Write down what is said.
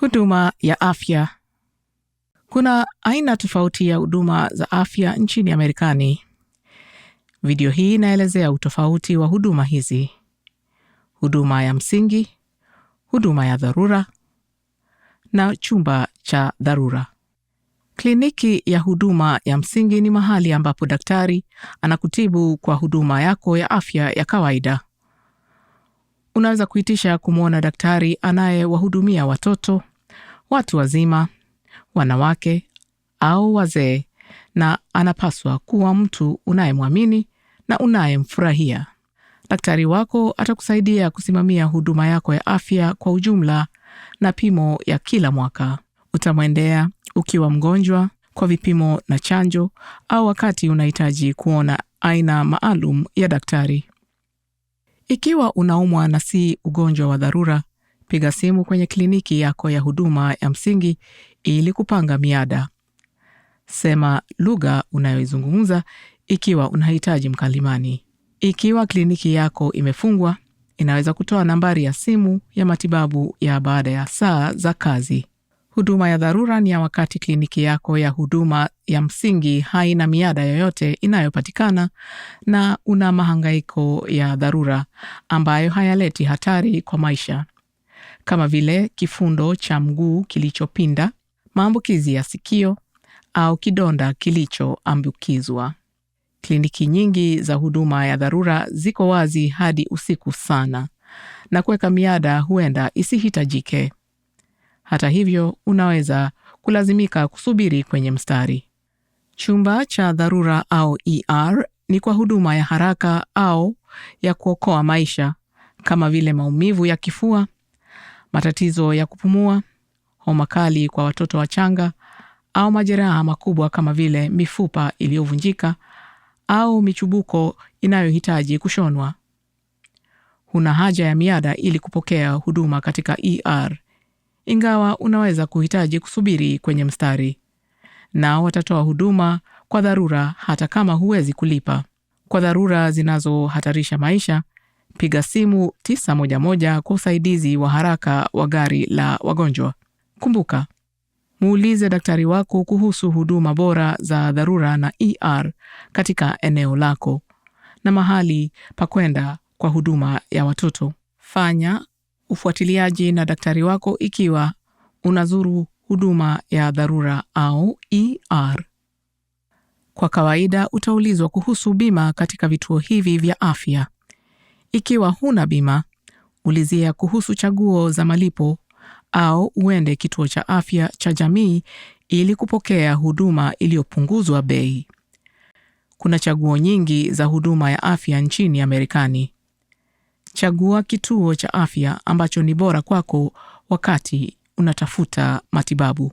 Huduma ya afya. Kuna aina tofauti ya huduma za afya nchini Marekani. Video hii inaelezea utofauti wa huduma hizi: huduma ya msingi, huduma ya dharura na chumba cha dharura. Kliniki ya huduma ya msingi ni mahali ambapo daktari anakutibu kwa huduma yako ya afya ya kawaida. Unaweza kuitisha kumwona daktari anayewahudumia watoto, watu wazima, wanawake au wazee, na anapaswa kuwa mtu unayemwamini na unayemfurahia. Daktari wako atakusaidia kusimamia huduma yako ya afya kwa ujumla na pimo ya kila mwaka. Utamwendea ukiwa mgonjwa kwa vipimo na chanjo, au wakati unahitaji kuona aina maalum ya daktari. Ikiwa unaumwa na si ugonjwa wa dharura, piga simu kwenye kliniki yako ya huduma ya msingi ili kupanga miada Sema lugha unayoizungumza ikiwa unahitaji mkalimani. Ikiwa kliniki yako imefungwa, inaweza kutoa nambari ya simu ya matibabu ya baada ya saa za kazi. Huduma ya dharura ni ya wakati kliniki yako ya huduma ya msingi haina miada yoyote inayopatikana na una mahangaiko ya dharura ambayo hayaleti hatari kwa maisha kama vile kifundo cha mguu kilichopinda, maambukizi ya sikio au kidonda kilichoambukizwa. Kliniki nyingi za huduma ya dharura ziko wazi hadi usiku sana na kuweka miadi huenda isihitajike. Hata hivyo, unaweza kulazimika kusubiri kwenye mstari. Chumba cha dharura au ER ni kwa huduma ya haraka au ya kuokoa maisha kama vile maumivu ya kifua, matatizo ya kupumua, homa kali kwa watoto wachanga, au majeraha makubwa kama vile mifupa iliyovunjika au michubuko inayohitaji kushonwa. Huna haja ya miada ili kupokea huduma katika ER, ingawa unaweza kuhitaji kusubiri kwenye mstari. Nao watatoa huduma kwa dharura hata kama huwezi kulipa. Kwa dharura zinazohatarisha maisha, piga simu 911 kwa usaidizi wa haraka wa gari la wagonjwa. Kumbuka, muulize daktari wako kuhusu huduma bora za dharura na ER katika eneo lako na mahali pa kwenda kwa huduma ya watoto. Fanya ufuatiliaji na daktari wako ikiwa unazuru huduma ya dharura au ER. Kwa kawaida utaulizwa kuhusu bima katika vituo hivi vya afya. Ikiwa huna bima, ulizia kuhusu chaguo za malipo au uende kituo cha afya cha jamii ili kupokea huduma iliyopunguzwa bei. Kuna chaguo nyingi za huduma ya afya nchini Amerikani. Chagua kituo cha afya ambacho ni bora kwako wakati unatafuta matibabu.